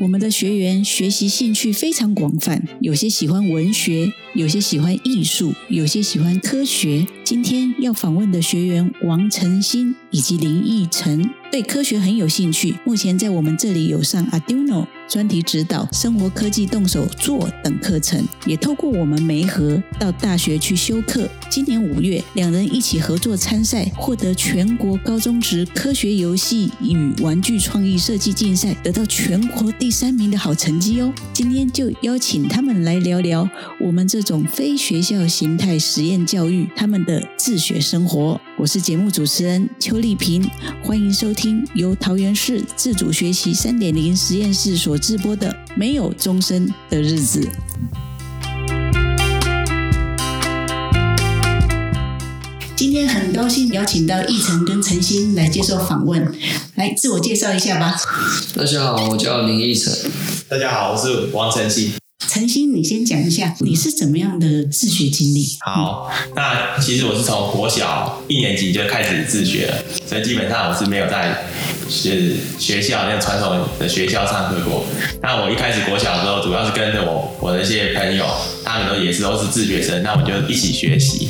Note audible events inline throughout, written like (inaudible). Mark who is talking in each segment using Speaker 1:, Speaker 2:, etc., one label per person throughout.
Speaker 1: 我們的學員學習興趣非常廣泛，有些喜歡文學，有些喜歡藝術，有些喜歡科學。今天要訪問的學員王晨星以及林奕宸，對科學很有興趣，目前在我們這裡有上 Arduino。專題指導、生活科技動手做等課程，也透過我們媒合到大學去修課。今年五月，兩人一起合作參賽，獲得全國高中職科學遊戲與玩具創意設計競賽，得到全國第三名的好成績哦。今天就邀請他們來聊聊我們這種非學校形態實驗教育，他們的自學生活。我是節目主持人邱儷萍，歡迎收聽由桃園市自主學習三點零實驗室所製播的《沒有鐘聲的日子》。今天很高興邀請到奕宸跟晨星來接受訪問，來，自我介紹一下吧。
Speaker 2: 大家好，我叫林奕宸。大家好，我
Speaker 3: 是王晨星。
Speaker 1: 晨星，你先講一下你是怎麼樣的自學經歷？
Speaker 3: 好，那其實我是從國小一年級就開始自學了，所以基本上我是沒有在是學，學校那種傳統的學校上課過。那我一開始國小的時候，主要是跟著我我的一些朋友，他們都也是都是自學生，那我就一起學習。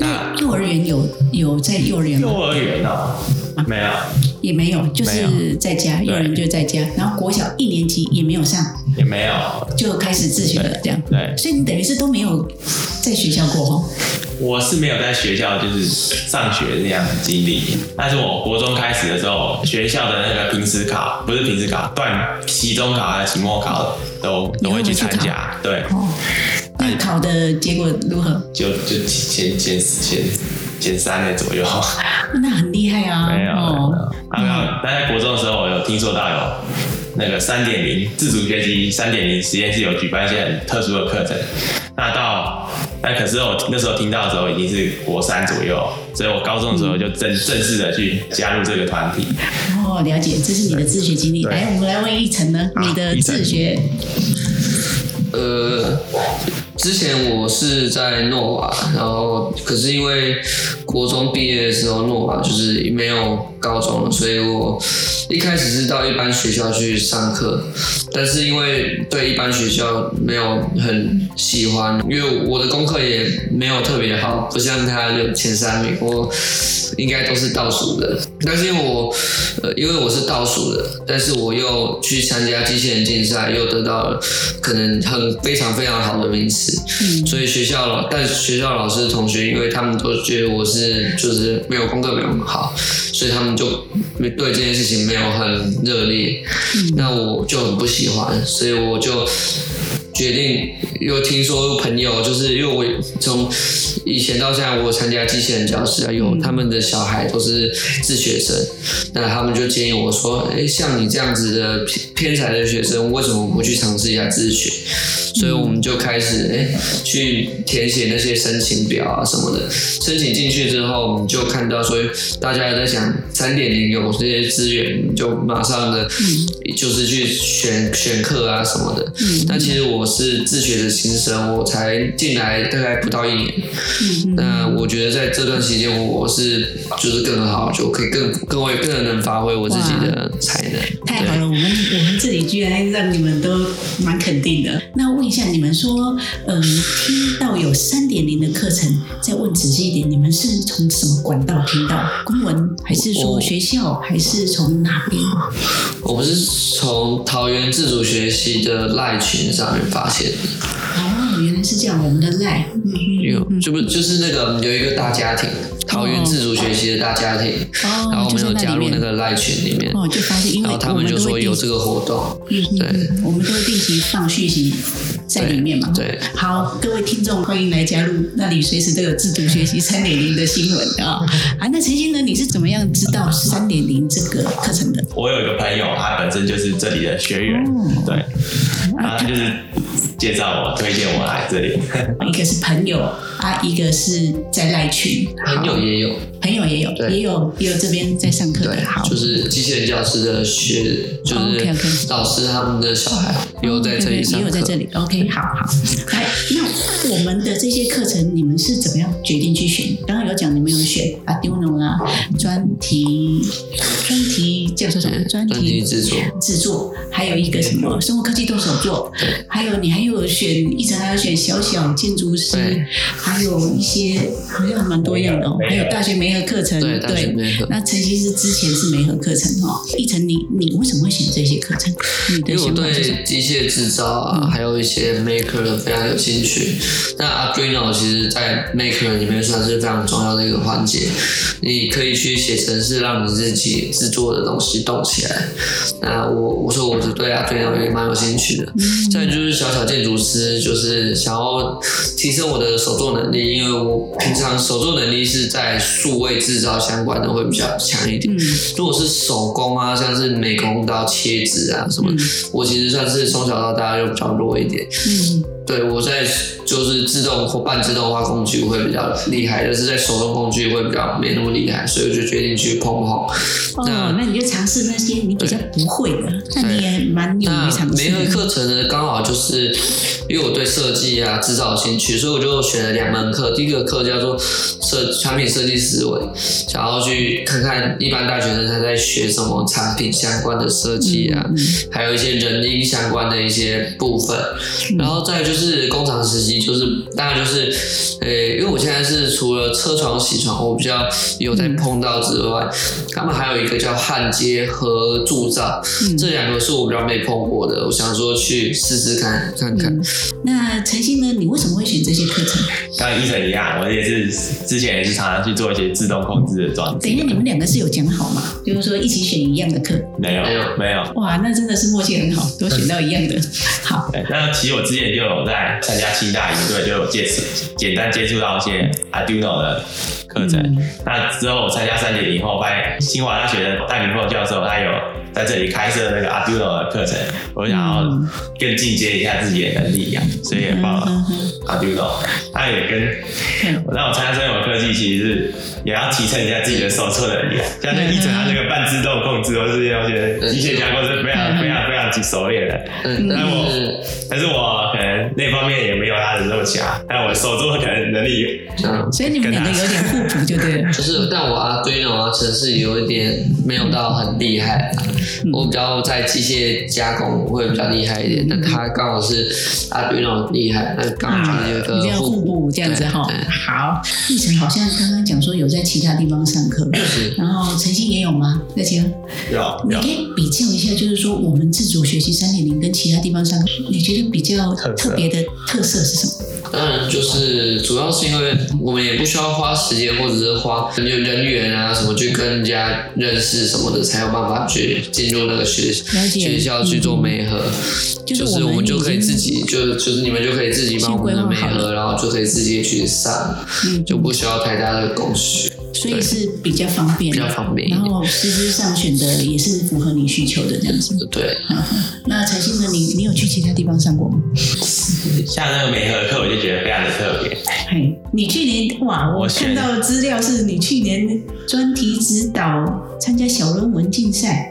Speaker 1: 那，那幼兒園有有在幼兒園？幼兒園呢、喔？
Speaker 3: 沒有。
Speaker 1: 也沒有，就是在家，幼兒園就在家，然後國小一年級也沒有上，
Speaker 3: 也沒有，
Speaker 1: 就開始自學了，這樣。對，所以你等於是都沒有在學校過。
Speaker 3: 我是沒有在學校，就是上學這樣的經歷。但是我國中開始的時候，學校的那個平時考，不是平時考，段期中考還是期末考，都都會去參加。對。那你
Speaker 1: 考的結果如何？
Speaker 3: 就就前前四前三的左右，
Speaker 1: 那很厲害啊。沒有，
Speaker 3: 剛剛在國中的時候，我有聽說到有那個三點零自主學習三點零實驗室有舉辦一些很特殊的課程。那到那可是我那時候聽到的時候已經是國三左右，所以我高中的時候就正、嗯、正式的去加入這個團體。哦，
Speaker 2: 了解，這是你的自學經歷。來、欸，
Speaker 1: 我們來問一奕宸呢，啊、你的自學，
Speaker 2: 呃。之前我是在諾瓦，然後可是因為。國中畢業的時候，諾瓦就是沒有高中了，所以我一開始是到一般學校去上課，但是因為對一般學校沒有很喜歡，因為我的功課也沒有特別好，不像他的前三名，我應該都是倒數的。但是因為我，呃，因為我是倒數的，但是我又去參加機器人競賽，又得到了可能很非常非常好的名次，嗯，所以學校老，但學校老師同學，因為他們都覺得我是。是，就是沒有工作沒有那麼好，所以他們就對這件事情沒有很熱烈，那、嗯、我就很不喜歡，所以我就。決定又聽說朋友，就是因為我從以前到現在，我有參加機器人教室啊，有他們的小孩都是自學生，嗯、那他們就建議我說：“哎、欸，像你這樣子的偏才的學生，為什麼不去嘗試一下自學？”
Speaker 3: 所以我們
Speaker 2: 就開始哎、欸、去填寫那些申請表啊什麼的，申請進去之後，我們就看到說大家在想3.0有這些資源，就馬上的、嗯、就是去選選課啊什麼的。但、嗯、其實我。我是自學的新生，我才進來大概不到一年。那、呃、我覺得在這段期間，我是就是更好，就可以更更為更能發揮我自己的才能。太好了，對
Speaker 1: 我們我們這裡居然讓你們都蠻肯定的。那問一下你們說，嗯、呃，聽到有三點零的課程，再問仔細一點，你們是從什麼管道聽到？公文還是說學校，哦、還是從哪邊？
Speaker 2: 我們是從桃園自主學習的賴群上面。發現
Speaker 1: 哦，原來是這樣。我們的賴，嗯，
Speaker 2: 有，就不是就是那個有一個大家庭，桃園自主學習的大家庭，然後我們有加入那個賴群裡面，就發現，然後他們就說有這個活動。對，我們都會定
Speaker 1: 期放訊息在裡面嘛。對，好，各位聽眾，歡迎來加入那裡，隨時都有自主學習三點零的新聞啊啊！那晨星呢，你是怎麼樣知道三點
Speaker 3: 零這個課程的？我有一個朋友，他本身就是這裡的學員，對，然後就是。介紹我，推薦我來這裡。一個是朋友
Speaker 1: 啊，一個是在賴群，好朋友也有，朋友也有，對也有也有這邊在上課的。的。
Speaker 2: 好，就是機器人教師的學，就是 okay, okay 老師他們的小孩也有在這裡上課，okay, okay, 也有在這裡。OK，
Speaker 1: 好 Okay. 好。好 (laughs) 來，那我們的這些課程，你們是怎麼樣決定去選？剛剛有講你們有選 Arduino 啊，阿好專題，專題。建築專題製作，製作，還有一個什麼生活科技動手做，對還有你還有選奕宸還有選小小建築師，對還有一些好像蠻多樣的哦。還有大學媒合課程，對，對大學媒合，那晨星是之前是媒合課程哦、喔。奕宸你你為什麼會選這些課程？
Speaker 2: 你我對機械製造啊，嗯、還有一些 maker 非常有興趣。那對 Arduino 其實在 maker 裡面算是非常重要的一個環節。 (laughs) 你可以去寫程式，讓你自己製作的東西。東動起來，那我我說我是對啊，對那個也蠻有興趣的。再、嗯、就是小小建築師，就是想要提升我的手作能力，因為我平常手作能力是在數位製造相關的會比較強一點。嗯、如果是手工啊，像是美工刀切紙啊什麼，嗯、我其實算是從小到大就比較弱一點。嗯。對，我在就是自動或半自動化工具會比較厲害，但是在手動工具會比較沒那麼厲害，所以我就決定去碰碰。哦，那，那你就嘗試那些你比較不會的，對那你也蠻
Speaker 1: 勇於嘗試。那每個課
Speaker 2: 程呢，剛好就是因為我對設計啊、製造有興趣，所以我就選了兩門課。第一個課叫做設產品設計思維，想要去看看一般大學生他在學什麼產品相關的設計啊，嗯嗯、還有一些人力相關的一些部分，嗯、然後再來就是。就是工廠實習。就是，當然就是，呃、欸，因為我現在是除了車床、銑床，我比較有在碰到之外，嗯、他們還有一個叫焊接和鑄造，嗯、這兩個是我比較沒碰過的，我想說去試試看，看看。嗯、
Speaker 1: 那晨星呢？你為什麼會選這些課程？
Speaker 3: 跟奕宸一樣，我也是之前也是常常去做一些自動控制的專。等
Speaker 1: 一下，你們兩個是有講好嗎？就是說一起選一樣的課？沒有，沒有。啊、沒有哇，那真的是默契很好，都選到一樣的。對
Speaker 3: 好，那其實我之前就有在參加七大。對，就有借此簡單接觸到一些 Arduino 的課程。嗯、那之後我參加3.0後，拜清華大學的戴明鳳教授他有。在這裡開設那個 Arduino 的課程，我想要更進階一下自己的能力呀，所以也報了 Arduino。他也跟我在我參加這種科技，其實是也要提升一下自己的手作能力。像那一層，他那個半自動控制或是有些機械加工是非常非常非常熟練的。嗯，但是但是我可能那方面也沒有他那麼強，但我手作可能能力嗯，所
Speaker 2: 以你們兩個有點互補就對了。就是，但我 Arduino 的程式有一點沒有到很厲害。嗯、我比較在機械加工會比較厲害一點，那、嗯、他剛好是 Arduino 厲害，那剛、嗯、好有比較互
Speaker 1: 補這樣子哈。好，奕宸好像剛剛講說有在其他地方上課，是然後晨星也有嗎？那這有，
Speaker 3: 有你可以
Speaker 1: 比較一下，就是說我們自主學習三點零跟其他地方上課，你覺得比較特別的特色是什麼？
Speaker 2: 當然，就是主要是因為我們也不需要花時間，或者是花人員啊什麼，去跟人家認識什麼的，才有辦法去進入那個學學校去做媒合。就是我們就可以自己就、就是你們就可以自己幫我們的媒合，然後就可以直接去上，就不需要太大的工時。所以是比較方
Speaker 1: 便，比較方便。然後師資上選的也是符合你需求的這樣子。對。那晨星的你你有去其他地方上過嗎？
Speaker 3: 像那個媒合課，我就覺得非常的特
Speaker 1: 別、哎。你去年哇，我看到的資料是你去年專題指導參加小論文競賽，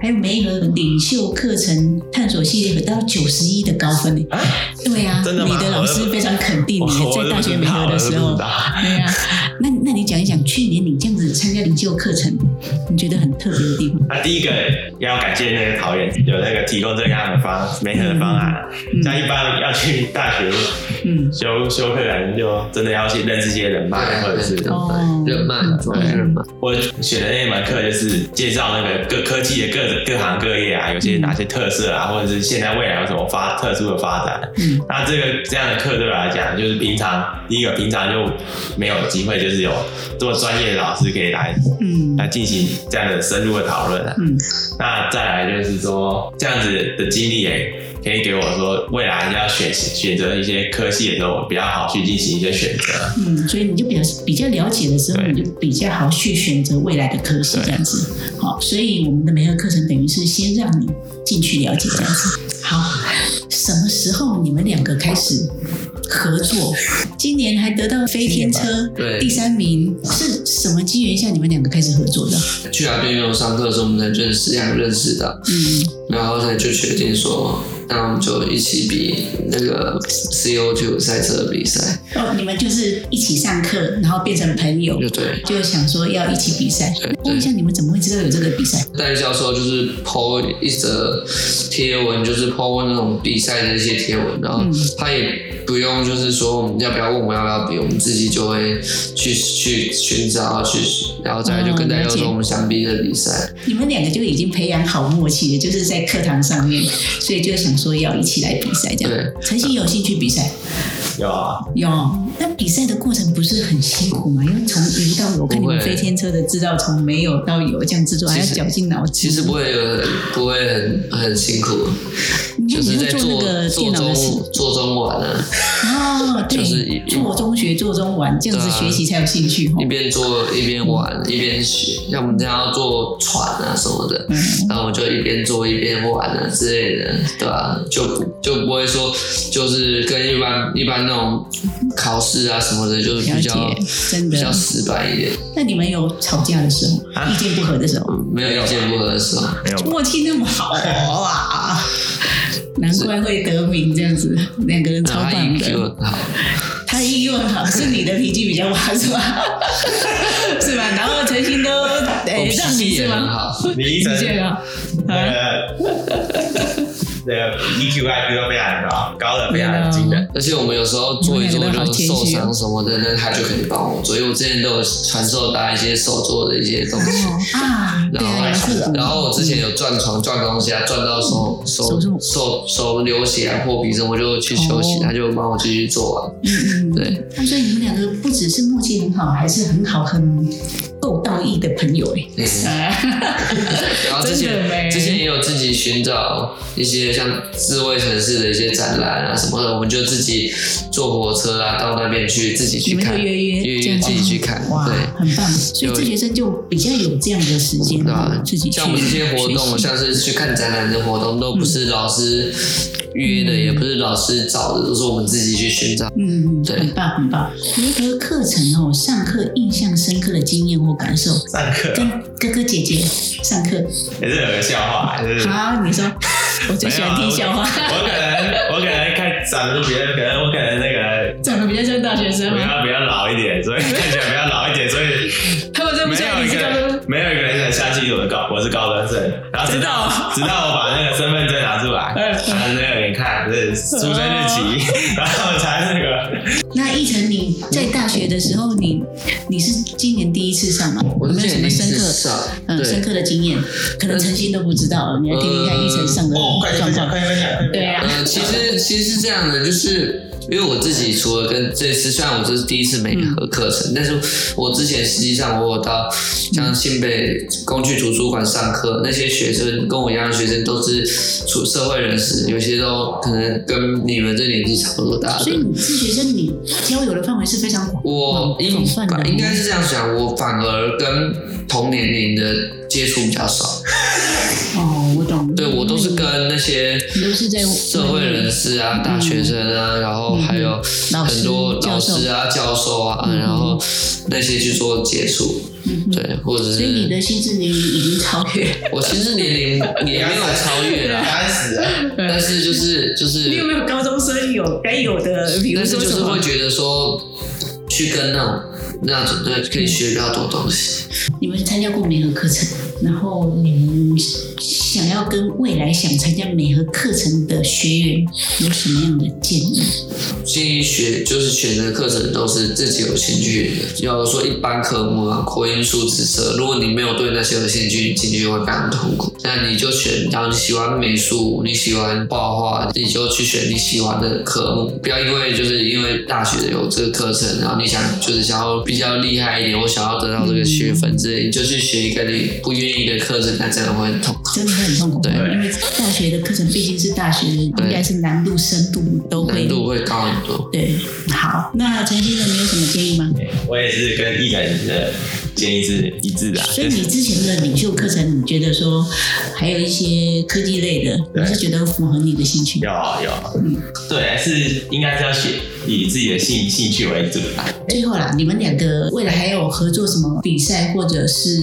Speaker 1: 還有媒合領袖課程探索系列，得到九十一的高分呢、啊哎。對呀、啊，真的嗎？你的老師非常肯定你在大學媒合的時候，對呀、啊。那那你講一講去年你這樣子參加領袖課程，你覺得很特別
Speaker 3: 的地方？那、嗯啊、第一個要感謝那些桃園有那個提供這樣的方美好、嗯、的方案。嗯、像一般要去大學，嗯，修修課，感覺就真的要去認識一些人脈，嗯、或者是人脈，人脈。我選的那門課就是介紹那個各科技的各各行各業啊，有些哪些特色啊，嗯、或者是現在未來有什麼發特殊的發展。嗯，那這個這樣的課對我來講，就是平常第一個平常就沒有機會就是。就是有這麼專業的老師可以來，嗯，來進行這樣的深入的討論啊。嗯，那再來就是說，這樣子的經歷也可以給我說，未來要選選擇一些科系的時候，我比較好去進行一些選擇。嗯，
Speaker 1: 所以你就比較比較了解的時候，你就比較好去選擇未來的科系這樣子。對好，所以我們的每個課程等於是先讓你進去了解這樣子。對好。什麼時候你們兩個開始合作？今年還得到飛天車對第三名，是什麼機緣下你們兩個開始合作的？
Speaker 2: 去海邊游泳上課的時候我們才認識，這樣認識的。嗯，然後才就決定說。那我們就一起比那個 CO2 賽車的比賽哦，
Speaker 1: 你們就是一起上課，然後變成朋友。就對，就想說要一起比賽。問一下，哦、你們怎麼會知道有這個比
Speaker 2: 賽？戴教授就是 p 拋一則貼文，就是 Po 拋那種比賽的一些貼文，然後他也不用就是說我們要不要問我要不要比，我們自己就會去去尋找，去然後再就跟大家跟我們想比一比賽。
Speaker 1: 哦、你們兩個就已經培養好默契，就是在課堂上面，所以就想說，所以要一起來比賽，這樣。晨星對有興趣比賽？
Speaker 3: 有啊，
Speaker 1: 有。比賽的過程不是
Speaker 2: 很辛苦嗎？因為從無到有，我看你們飛天
Speaker 1: 車的製造，從沒有到有這樣製作，其實還要絞
Speaker 2: 盡腦汁。其實不會，不會很很辛苦。嗯、就是在
Speaker 1: 做，那，是做那個電腦
Speaker 2: 做中做中玩啊。啊、哦，對，就是做中學做中玩，這樣子學習才有興趣、啊。一邊做一邊玩一邊學，像我們這樣要做船啊什麼的，嗯，然後我就一邊做一邊玩啊之類的，對吧、啊？就就不會說就是跟一般一般那種考試啊。什麼的就比較真的比較失敗一
Speaker 1: 點。那你們有吵架的時候，意見不合的時候？
Speaker 2: 沒有意見不合的時候，沒有默
Speaker 1: 契那麼好啊，難怪會得名這樣子。兩個人超棒的，他的意因很好是你的脾氣比較壞是吧？是吧？然後晨星都哎，讓你是嗎？你意
Speaker 3: 氣很好，對，EQ IQ 都非常高，高的非常精的。而且我們有時候做一做就受傷什麼的，那他就可
Speaker 2: 以幫我做。所以我之前都有傳授大家一些手做的一些東西啊，
Speaker 1: 然後
Speaker 2: 然後我之前有鑽床鑽東西啊，鑽到手手手手流血啊破皮什麼，我就去休息，他就幫我繼續做。嗯，對。所以你們兩個不只是默契很好，還是
Speaker 1: 很好很。夠道義的朋友哎，
Speaker 2: 然後之前之前也有自己尋找一些像智慧城市的一些展覽啊什麼的，我們就自己坐火車啊到那邊去自己去看，約約自己去看，對，很棒！所以這學生就比較有這
Speaker 1: 樣的時間啊，自己
Speaker 2: 像我們這些活動，像是去看展覽的活動，都不是老師約的，也不是老師找的，都是我們自己去尋找。嗯嗯，對，很棒很棒。媒
Speaker 1: 合課程哦，上課印象深刻的經驗哦。感
Speaker 3: 受上課，課跟哥哥姐姐上課也是有個笑
Speaker 1: 話。好，你說，我最喜歡聽笑話。我，我可能
Speaker 3: 我可能看長得比較可能我可能那個長得比較像大學生，比較比較老一點，所以看起來比較老一點，所以他們都沒有一個沒有一個人能相信我的高我是高中生，然後直到、啊、直到我把那個身份證拿出來， (laughs) 然後那個人看、就是出生日期， (laughs) 然後才那個。 (laughs)
Speaker 1: 在大學的時候，你你是今年第一次上嗎？我是有沒有什麼深刻？嗯，對深刻的經驗，可能晨星都不知道，你來聽聽看奕宸上
Speaker 2: 的狀況，快快，對呀，其實其實是這樣的，就是。因為我自己除了跟這次，雖然我這是第一次媒合課程，嗯、但是我之前實際上我有到像新北工具圖書館上課，嗯、那些學生跟我一樣的學生都是出社會人士，有些都可能跟你們這年紀差不多大。所以你是學生，
Speaker 1: 你交
Speaker 2: 友的範圍是非常廣。我應該是這樣想，我反而跟同年齡的接觸比較少。哦對，我都是跟那些社會人士啊、大學生啊，然後還有很多老師啊、教授啊，然後那些去做接觸，對，或者是。你的心智年齡已經超越。我心智年齡也沒有超越了。開始，但是就是就是。你有沒有高中生有該有的，但是就是會覺得說，去跟那種。那樣子，對，可以學比較多東西。你
Speaker 1: 們參加過媒合課程，然後你們想要跟未來想參加媒合課程的學員有
Speaker 2: 什麼樣的建議？建議選，就是選擇課程都是自己有興趣的。比如說一般科目啊，國英數自社，如果你沒有對那些有興趣，進去會非常痛苦。那你就選，然後你喜歡美術，你喜歡畫畫，你就去選你喜歡的科目。不要因為就是因為大學有這個課程，然後你想就是想要。比較厲害一點，我想要得到這個學分之類，嗯、你就去學一個你不願意的課程，那這樣會痛，很痛苦，真的會很痛苦。對，對，因為
Speaker 1: 大學的課程畢竟是大學對應該是難度、深度都會。對難度
Speaker 3: 會高很多。對，
Speaker 1: 好，那晨星，你有什麼建議嗎？
Speaker 3: 我也是跟一般人一建議是一致的，所以你之前
Speaker 1: 的領袖課程，你覺得說還有一些科技類的，我對是覺得符合你的興趣？有、啊、有、啊、
Speaker 3: 嗯，對，還是應該是要選以你自己的興興趣為主吧。
Speaker 1: 最後啦，你們兩個未來還有合作什麼比賽或者是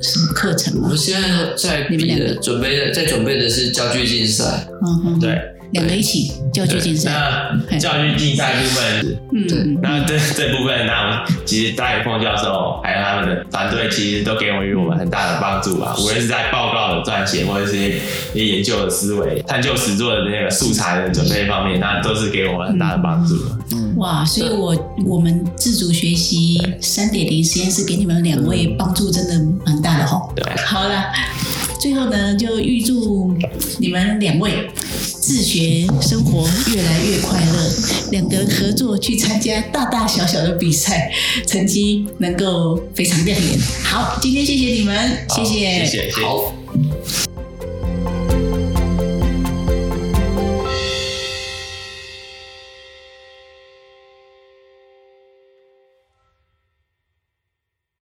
Speaker 1: 什麼課程嗎？我現
Speaker 2: 在在的你們兩個準備的，在準備的是教具競賽，嗯嗯哼，
Speaker 1: 對。兩個一起教育競
Speaker 2: 賽，
Speaker 3: 教育競賽部分 (laughs) 嗯，嗯那這、嗯、這部分呢，那我們其實戴峰教授還有他們的團隊，其實都給予我們很大的幫助啊，無論是，是在報告的撰寫，或者是也研究的思維、探究實作的那個素材的準備方面，那都是給我們很大的幫助。
Speaker 1: 哇，所以我我們自主學習三點零實驗室給你們兩位幫助真的蠻大的哈、哦。對，好了，最後呢，就預祝你們兩位，自學，生活越來越快樂。兩個人合作去參加大大小小的比賽，成績能夠非常亮眼。好，今天謝謝你們，好謝謝,謝謝，謝
Speaker 3: 謝，好。